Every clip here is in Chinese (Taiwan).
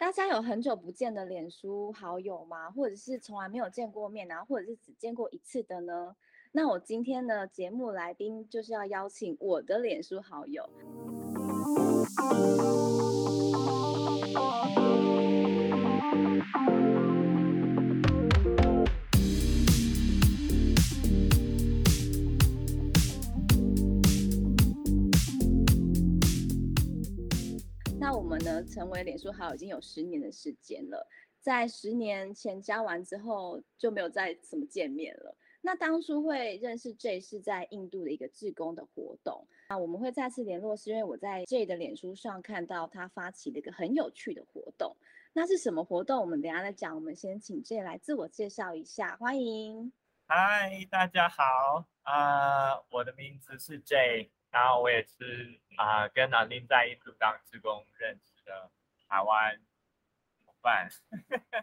大家有很久不見的臉書好友嗎？或者是從來沒有見過面啊，然後或者是只見過一次的呢？那我今天的節目來賓就是要邀請我的臉書好友。 那我們呢，成為臉書好友已經有十年的時間了。在十年前加完之後，就沒有再怎麼見面了。那當初會認識 Jay 是在印度的一個志工的活動。啊。我們會再次聯絡，是因為我在 Jay 的臉書上看到他發起了一個很有趣的活動。那是什麼活動？我們等下來講。我們先請 Jay 來自我介紹一下。歡迎，嗨，大家好啊，uh, 我的名字是 Jay。然後我也是啊、呃，跟南丁在印度當義工認識的台灣夥伴，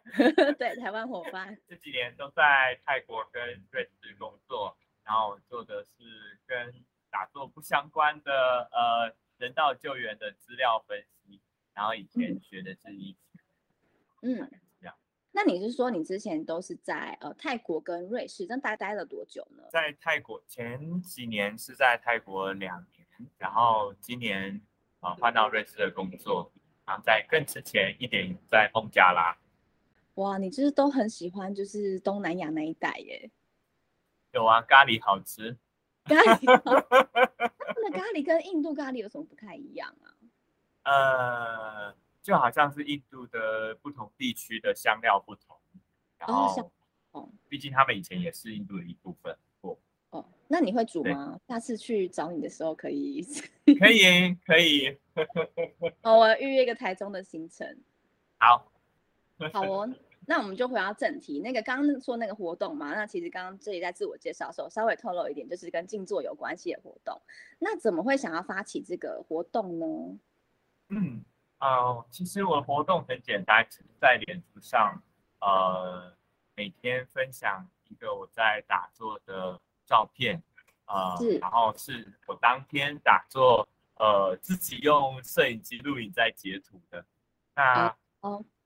對，台灣夥伴，這幾年都在泰國跟瑞士工作，然後我做的是跟打坐不相關的呃人道救援的資料分析，然後以前學的是歷史，嗯。嗯那你是說，你之前都是在呃泰國跟瑞士，那待待了多久呢？在泰國前幾年是在泰國兩年，然後今年啊、呃、換到瑞士的工作，對然後在更之前一點在孟加拉。哇，你就是都很喜歡就是東南亞那一帶耶。有啊，咖喱好吃。咖喱，那 咖喱跟印度咖喱有什麼不太一樣啊？呃。就好像是印度的不同地區的香料不同，然後，畢竟他們以前也是印度的一部分。哦，哦，哦，那你會煮嗎？對下次去找你的時候可以。可以可以。可以哦，我預約一個台中的行程。好。好哦， 那我們就回到正題。那個剛剛說那個活動嘛，那其實剛剛這裡在自我介紹的時候，稍微透露一點，就是跟靜坐有關係的活動。那怎麼會想要發起這個活動呢？嗯。啊，uh, 其實我的活動很簡單，在臉書上，呃，每天分享一個我在打坐的照片，啊、呃，是然後是我當天打坐，呃，自己用攝影機錄影再截圖的。那，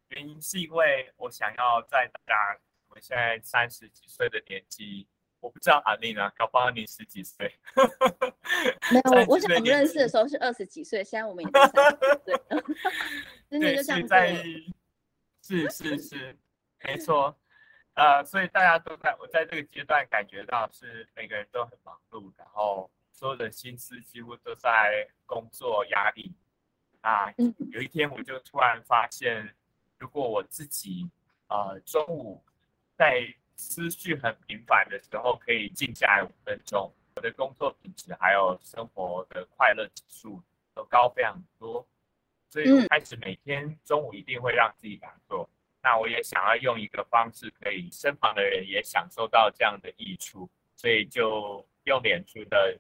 原因是因為我想要在打，我現在三十幾歲的年紀。我不知道阿麗呢，搞不好你十幾歲。沒有，no, 我想我們認識的時候是二十幾歲，現在我們已經三十歲了。 對，是在，是是 是，是是 沒錯。呃，所以大家都在我在這個階段感覺到是每個人都很忙碌，然後所有的心思幾乎都在工作壓力。啊，有一天我就突然發現，如果我自己啊、呃、中午在。思緒很平凡的時候，可以靜下來五分鐘。我的工作品質還有生活的快樂指數都高非常多，所以我開始每天中午一定會讓自己打坐。那我也想要用一個方式，可以身旁的人也享受到這樣的益處，所以就用臉書的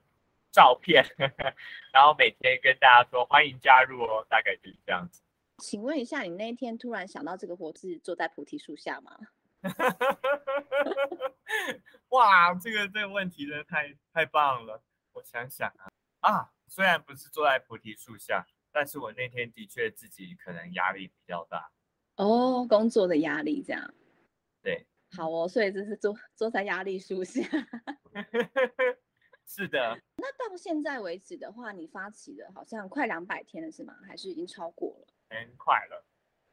照片， 然後每天跟大家說歡迎加入哦，大概就這樣子、嗯。嗯、請問一下，你那一天突然想到這個活字，坐在菩提樹下嗎？哈哈哈哇，這個這個問題真的太太棒了。我想想啊，啊，雖然不是坐在菩提樹下，但是我那天的確自己可能壓力比較大。哦，工作的壓力這樣。對，好哦，所以這是坐坐在壓力樹下。 是的。那到現在為止的話，你發起的好像快兩百天了是嗎？還是已經超過了？嗯，快了。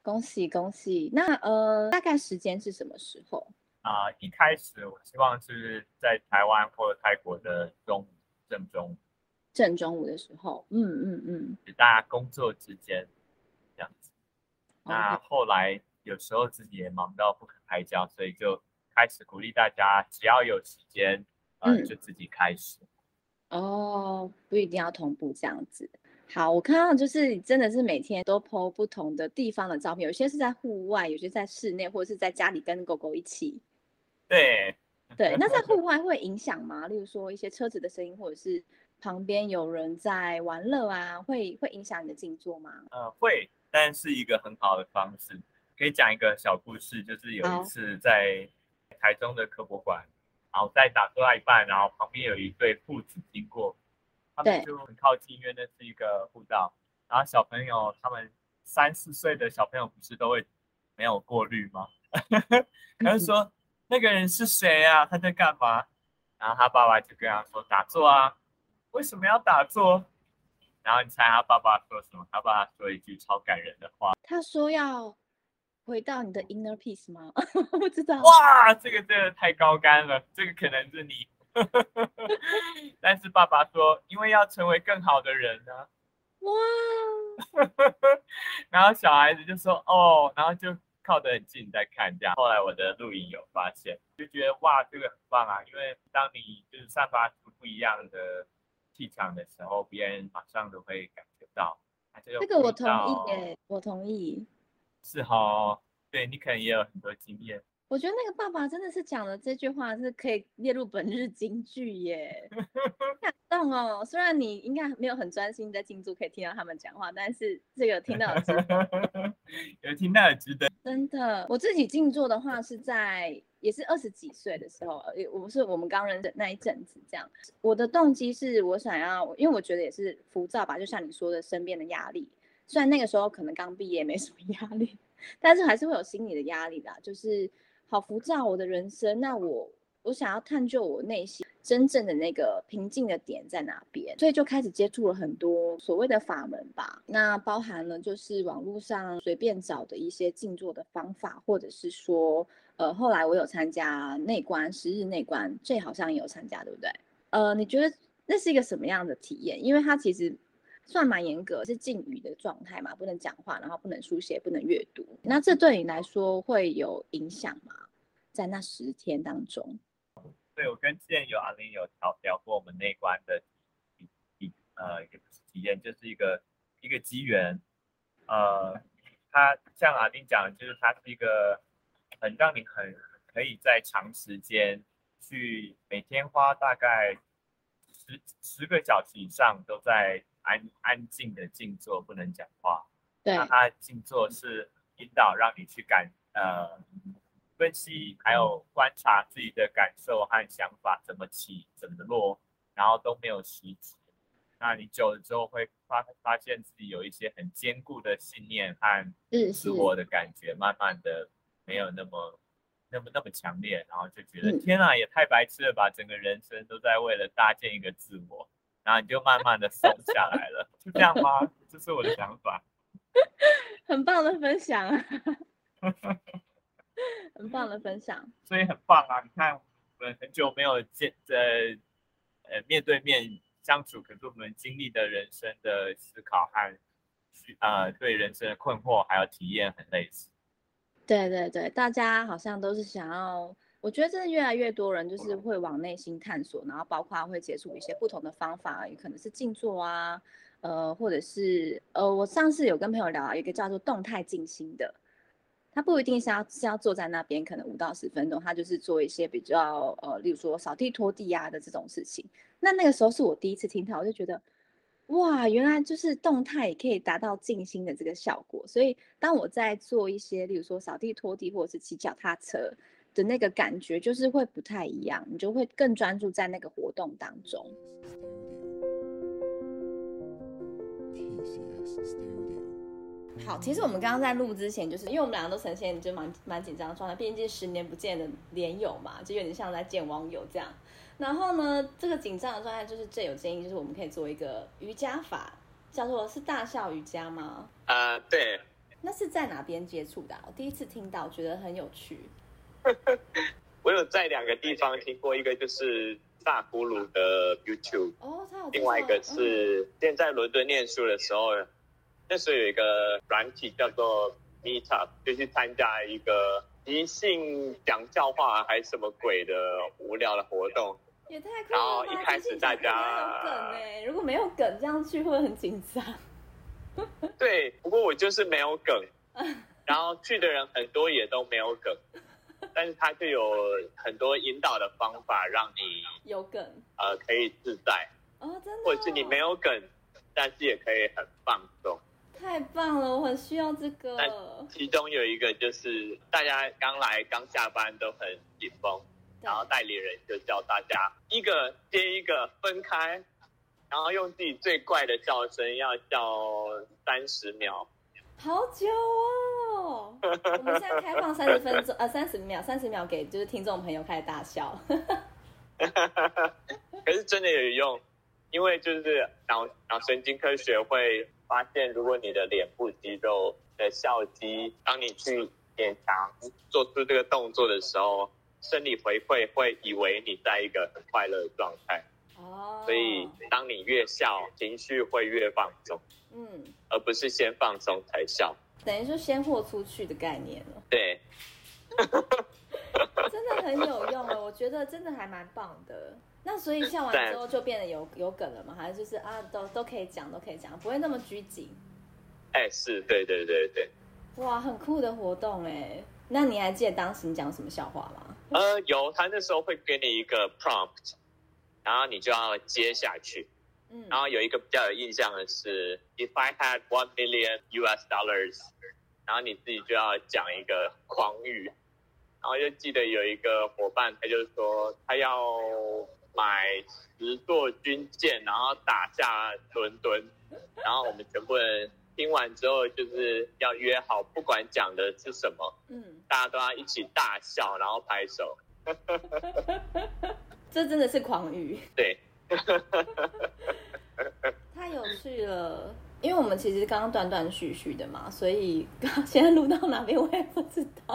恭喜恭喜！那呃，大概時間是什麼時候啊？呃，一開始我希望是在台灣或者泰國的中正中午正中午的時候，嗯嗯嗯，嗯，大家工作之間這樣子。Okay. 那後來有時候自己也忙到不可開交，所以就開始鼓勵大家，只要有時間，呃，嗯、就自己開始。哦，oh, 不一定要同步這樣子。好，我看到就是真的是每天都 Po 不同的地方的照片，有些是在戶外，有些在室內，或者是在家裡跟狗狗一起。對，對，那在戶外會影響嗎？ 例如說一些車子的聲音，或者是旁邊有人在玩樂啊，會會影響你的靜坐嗎？呃，會，但是一個很好的方式。可以講一個小故事，就是有一次在台中的科博館，好然後在打坐一半，然後旁邊有一對父子經過。他們就很靠近，因為那是一個護照。對然後小朋友，他們三四歲的小朋友不是都會沒有過濾嗎？ 他就說：“嗯、哼那個人是誰啊，他在幹嘛？”然後他爸爸就跟他說：“打坐啊，為什麼要打坐？”然後你猜他爸爸說什麼？他爸爸說一句超感人的話：“他說要回到你的 inner peace 嗎？” 不知道。哇，這個真的太高干竿了，這個可能是你。 但是爸爸說，因為要成為更好的人呢、啊，哇，Wow. 然後小孩子就說哦，然後就靠得很近在看這樣。後來我的錄影有發現，就覺得哇，這個很棒啊，因為當你就是散發出不一樣的氣場的時候，別人馬上都會感覺到。到這個我同意耶，我同意。是哦，對你可能也有很多經驗。我覺得那個爸爸真的是講了這句話，是可以列入本日金句耶，感 動哦。雖然你應該沒有很專心在靜坐，可以聽到他們講話，但是這個聽到也值得， 有聽到也值得。真的，我自己靜坐的話是在也是二十幾歲的時候，我是我們剛認識那一陣子這樣。我的動機是我想要，因為我覺得也是浮躁吧，就像你說的，身邊的壓力。雖然那個時候可能剛畢業沒什麼壓力，但是還是會有心理的壓力的，就是。好浮躁，我的人生。那我我想要探究我內心真正的那個平靜的點在哪邊，所以就開始接觸了很多所謂的法門吧。那包含了就是網絡上隨便找的一些靜坐的方法，或者是說，呃，後來我有參加內觀十日內觀，Jay 好像也有參加，對不對？呃，你覺得那是一個什麼樣的體驗？因為它其實。算蠻嚴格，是禁語的狀態嘛，不能講話，然後不能書寫，不能閱讀。那這對你來說會有影響嗎？在那十天當中？對，我跟之前有阿玲有聊聊過，我們內觀的呃一呃一個體驗，就是一個一個機緣。呃，他像阿玲講，就是他是一個很讓你很可以在長時間去每天花大概十十個小時以上都在。安安靜的靜坐，不能講話。對，那他靜坐是引導，讓你去感、嗯、呃分析，還有觀察自己的感受和想法怎麼起，怎麼落，然後都沒有實質。那你久了之後會發發現自己有一些很堅固的信念和自我的感覺，嗯、慢慢的沒有那麼那麼那麼強烈，然後就覺得、嗯、天哪、啊，也太白痴了吧！整個人生都在為了搭建一個自我。然後你就慢慢的瘦下來了，就這樣嗎？ 這是我的想法。很棒的分享啊，很棒的分享。所以很棒啊！你看，我們很久沒有見，呃，面對面相處，可是我們經歷的人生的思考和需，呃，對人生的困惑還有體驗很類似。對對對，大家好像都是想要。我覺得真的越來越多人就是會往內心探索，然後包括會接觸一些不同的方法，也可能是靜坐啊，呃，或者是呃，我上次有跟朋友聊一個叫做動態靜心的，他不一定是要是要坐在那邊，可能五到十分鐘，他就是做一些比較呃，例如說掃地、拖地啊的這種事情。那那個時候是我第一次聽到，我就覺得，哇，原來就是動態也可以達到靜心的這個效果。所以當我在做一些例如說掃地、拖地，或者是騎腳踏車。那個感覺就是會不太一樣，你就會更專注在那個活動當中，好，其實我們剛剛在錄之前，就是因為我們兩個都呈現就蠻蠻緊張的狀態，畢竟十年不見的臉友嘛，就有點像在見網友這樣。然後呢，這個緊張的狀態就是最有建議，就是我們可以做一個瑜伽法，叫做是大笑瑜伽嗎？啊、uh, 對。那是在哪邊接觸的、啊？我第一次聽到，覺得很有趣。 我有在兩個地方聽過，一個就是薩古魯的 YouTube、哦、另外一個是現在倫敦念書的時候，哦、那時候有一個軟體叫做 Meetup，就去參加一個即興講笑話還是什麼鬼的無聊的活動，也太了，然後一開始大家梗、欸、如果沒有梗，這樣去會不會很緊張？ 對，不過我就是沒有梗，然後去的人很多也都沒有梗。但是它就有很多引導的方法，讓你有梗，呃，可以自在啊、哦，真的、哦。或是你沒有梗，但是也可以很放鬆。太棒了，我很需要這個。其中有一個就是，大家剛來剛下班都很緊繃，對然後代理人就叫大家一個接一個分開，然後用自己最怪的笑聲，要叫三十秒。好久啊、哦。哦，oh, 我們現在開放三十分鐘，呃、啊，三十秒，三十秒給就是聽眾朋友開始大笑。 可是真的有用，因為就是腦，腦神經科學會發現，如果你的臉部肌肉的笑肌，當你去勉強做出這個動作的時候，嗯、生理回饋會以為你在一個很快樂的狀態。哦，所以當你越笑，情緒會越放鬆。嗯，而不是先放鬆才笑。等於說先豁出去的概念了，對， 真的很有用啊、哦！我覺得真的還蠻棒的。那所以笑完之後就變得有有梗了嘛，對還是就是啊，都都可以講，都可以講，不會那麼拘謹。哎、欸，是對對對對。哇，很酷的活動哎！那你還記得當時你講什麼笑話嗎？呃，有，他那時候會給你一個 prompt，然後你就要接下去。嗯，然後有一個比較有印象的是，嗯，If I had one million U.S. dollars，然後你自己就要講一個狂語，然後又記得有一個夥伴，他就說他要買十座軍艦，然後打下倫敦，然後我們全部人聽完之後就是要約好，不管講的是什麼，嗯，大家都要一起大笑，然後拍手，哈哈哈！這真的是狂語，對。 太有趣了，因為我們其實剛剛斷斷續續的嘛，所以剛剛現在錄到哪邊我也不知道。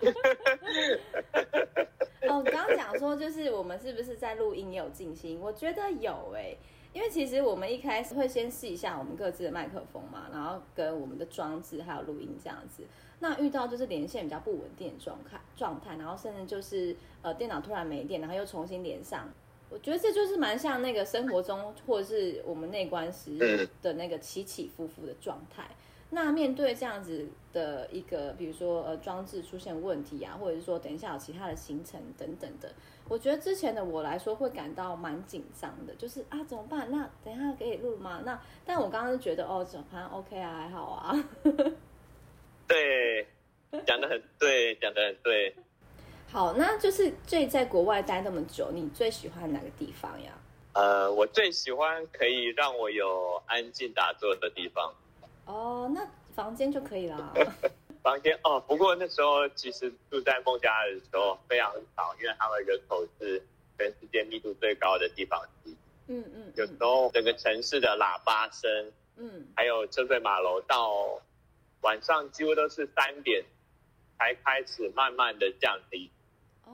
哦，你剛講說就是我們是不是在錄音也有進行？我覺得有哎、欸，因為其實我們一開始會先試一下我們各自的麥克風嘛，然後跟我們的裝置還有錄音這樣子。那遇到就是連線比較不穩定的狀態狀態，然後甚至就是呃電腦突然沒電，然後又重新連上。我覺得這就是蠻像那個生活中或者是我們內觀時的那個起起伏伏的狀態。嗯、那面對這樣子的一個，比如說呃裝置出現問題啊，或者是說等一下有其他的行程等等的，我覺得之前的我來說會感到蠻緊張的，就是啊怎麼辦？那等一下給你錄嗎？那但我剛剛就覺得哦，反正 OK 啊，還好啊。 對，講得很，很對，講得很對。好，那就是最在國外待那麼久，你最喜歡哪個地方呀？呃，我最喜歡可以讓我有安靜打坐的地方。哦，那房間就可以了。 房間哦，不過那時候其實住在孟加拉的時候非常吵，因為他們人口是全世界密度最高的地方。嗯嗯，嗯嗯有時候整個城市的喇叭聲，嗯，還有車水馬龍，到晚上幾乎都是三點才開始慢慢的降低。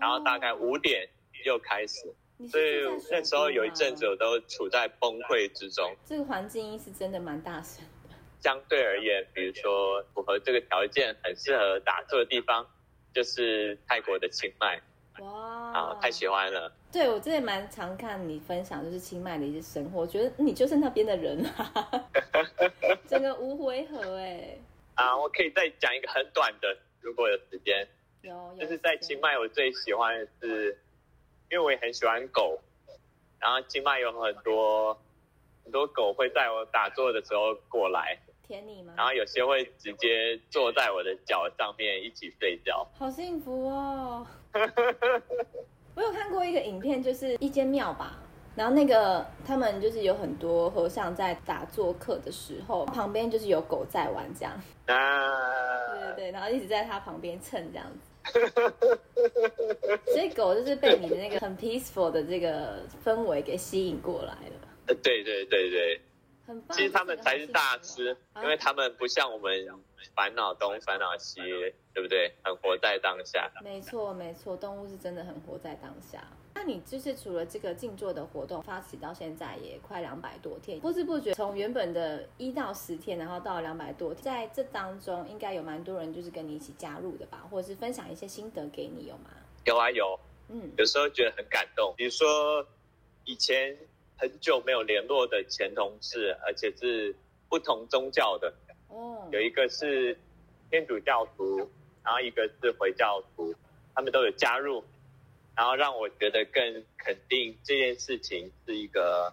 然後大概五點又開始，哦、所以那時候有一陣子我都處在崩潰之中。這個環境是真的蠻大聲的。相對而言，比如說符合這個條件、很適合打坐的地方，就是泰國的清邁。哇！啊，太喜歡了。對，我真的蠻常看你分享，就是清邁的一些生活，我覺得你就是那邊的人真、啊、整個無回合哎。啊、哦，我可以再講一個很短的，如果有時間。有有，就是在清邁，我最喜歡的是，因為我也很喜歡狗，然後清邁有很多很多狗會在我打坐的時候過來舔你嘛，然後有些會直接坐在我的腳上面一起睡覺。好幸福哦！我有看過一個影片，就是一間廟吧，然後那個他們就是有很多和尚在打坐客的時候，旁邊就是有狗在玩這樣，啊，對對對，然後一直在他旁邊蹭這樣子。哈哈哈！所以 狗就是被你的那個很 peaceful 的這個氛圍給吸引過來了。呃，對對對對，很棒，其實它們才是大師，因為它們不像我們煩惱東煩惱西，惱，對不對？很活在當下。沒錯沒錯，動物是真的很活在當下。那你就是除了這個靜坐的活動發起到現在也快兩百多天，不知不覺從原本的一到十天，然後到兩百多天，在這當中應該有蠻多人就是跟你一起加入的吧，或者是分享一些心得給你有嗎？有啊有，嗯，有時候覺得很感動，比如說以前很久沒有聯絡的前同事，而且是不同宗教的，哦，有一個是天主教徒，然後一個是回教徒，他們都有加入。然後讓我覺得更肯定這件事情是一個，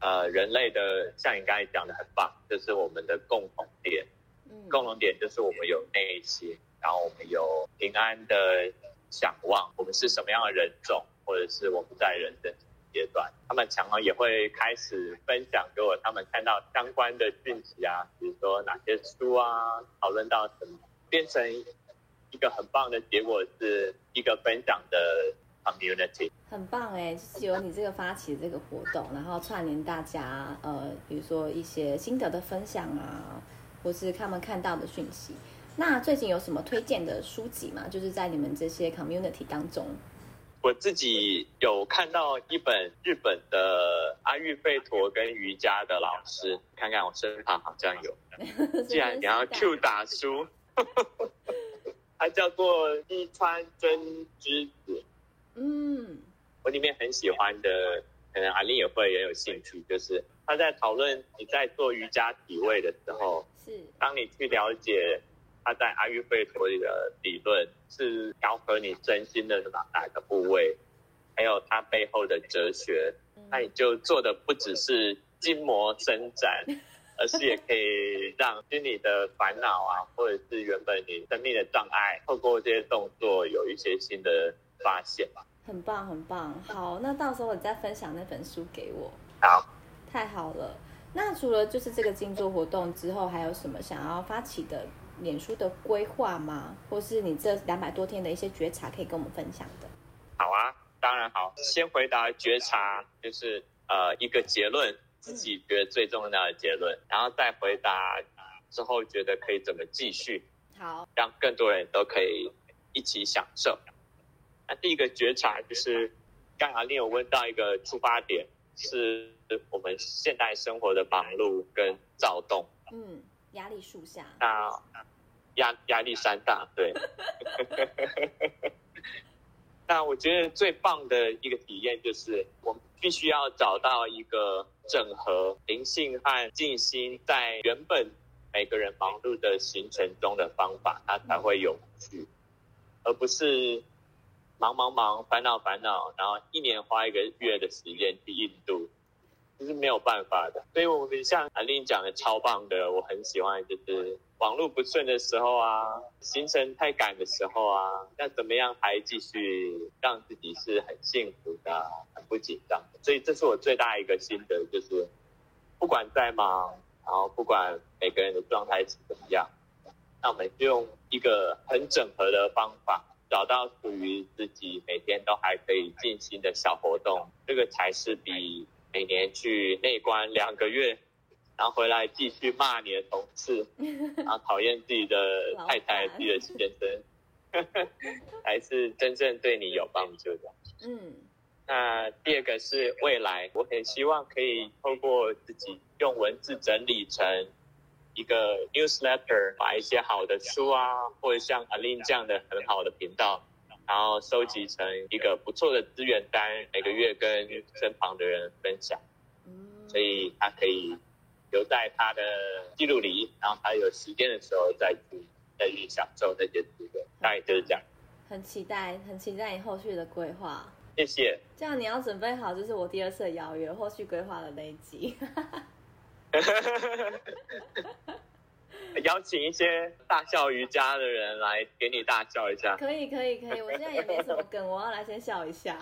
呃，人類的，像你剛才講的很棒，就是我們的共同點。嗯，共同點就是我們有內心，然後我們有平安的想望。我們是什麼樣的人種，或者是我們在人生階段，他們常常也會開始分享給我他們看到相關的訊息啊，比如說哪些書啊，討論到什麼，變成。一個很棒的結果是一個分享的 community，很棒，哎、欸，就是由你這個發起的這個活動，然後串聯大家，呃，比如說一些心得的分享啊，或是他們看到的訊息。那最近有什麼推薦的書籍嗎？就是在你們這些 community 當中，我自己有看到一本日本的阿育吠陀跟瑜伽的老師，看看我身旁好像有，既然你要 Q 打書。 它叫做西川真知子，嗯，我裡面很喜歡的，可能阿玲也會也有興趣，就是他在討論你在做瑜伽體位的時候，是當你去了解他在阿育吠陀裡的理論，是調和你身心的哪哪個部位，還有他背後的哲學，那你就做的不只是筋膜伸展。 而是也可以讓心裡的煩惱啊，或者是原本你生命的障礙，透過這些動作有一些新的發現吧。很棒，很棒。好，那到時候你再分享那本書給我。好，太好了。那除了就是這個靜坐活動之後，還有什麼想要發起的臉書的規劃嗎？或是你這兩百多天的一些覺察，可以跟我們分享的？好啊，當然好。先回答覺察，就是呃一個結論。自己覺得最重要的結論，嗯、然後再回答之後，覺得可以怎麼繼續，好，讓更多人都可以一起享受。那第一個覺察就是，剛剛你有問到一個出發點，是我們現代生活的忙碌跟躁動，嗯，壓力樹下，那壓壓力山大，對。 那我覺得最棒的一個體驗就是我們。必須要找到一個整合靈性和靜心在原本每個人忙碌的行程中的方法，它才會有趣，而不是忙忙忙、煩惱煩惱，然後一年花一個月的時間去印度。是沒有辦法的，所以我們像阿玲講的超棒的，我很喜歡。就是網絡不順的時候啊，行程太趕的時候啊，那怎麼樣還繼續讓自己是很幸福的，很不緊張？所以這是我最大一個心得，就是不管再忙，然後不管每個人的狀態是怎麼樣，那我們就用一個很整合的方法，找到屬於自己每天都還可以進行的小活動，這個才是比。每年去內觀兩個月，然後回來繼續罵你的同事，然後討厭自己的太太、 慘自己的先生，呵呵，才是真正對你有幫助的。嗯，那第二個是未來，我很希望可以透過自己用文字整理成一個 newsletter，把一些好的書啊，或者像 Alin 這樣的很好的頻道。然後收集成一個不錯的資源單，oh, 每個月跟身旁的人分享，oh, yes, yes, yes. 所以他可以留在他的記錄裡。Mm hmm. 然後他有時間的時候再去再去享受那些資源，大概棒就是這樣。很期待，很期待你後續的規劃。謝謝。這樣你要準備好，這是我第二次的邀約，後續規劃的那一集 邀請一些大笑瑜伽的人來給你大笑一下，可以可以可以，我現在也沒什麼梗，我要來先笑一下。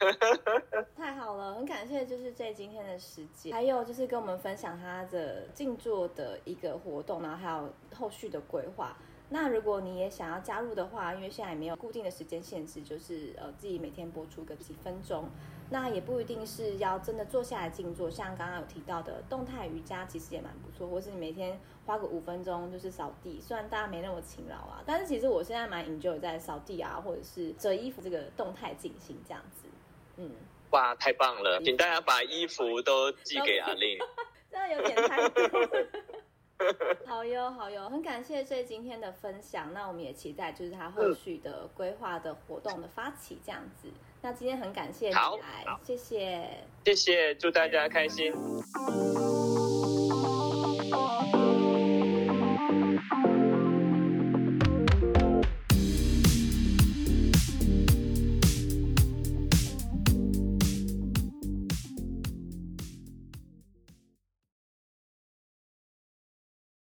太好了，很感謝，就是這今天的時間，還有就是跟我們分享他的靜坐的一個活動，然後還有後續的規劃。那如果你也想要加入的話，因為現在也沒有固定的時間限制，就是呃自己每天播出個幾分鐘。那也不一定是要真的坐下來靜坐，像剛剛有提到的動態瑜伽其實也蠻不錯，或是你每天花個五分鐘就是掃地，雖然大家沒那麼勤勞啊，但是其實我現在蠻 enjoy 在掃地啊，或者是折衣服這個動態進行這樣子。嗯，哇，太棒了，請大家把衣服都寄給阿令，真的有點太，好喲好喲，很感謝所以今天的分享，那我們也期待就是他後續的規劃的活動的發起這樣子。那今天很感謝你來，好好，謝謝，謝謝，祝大家開心。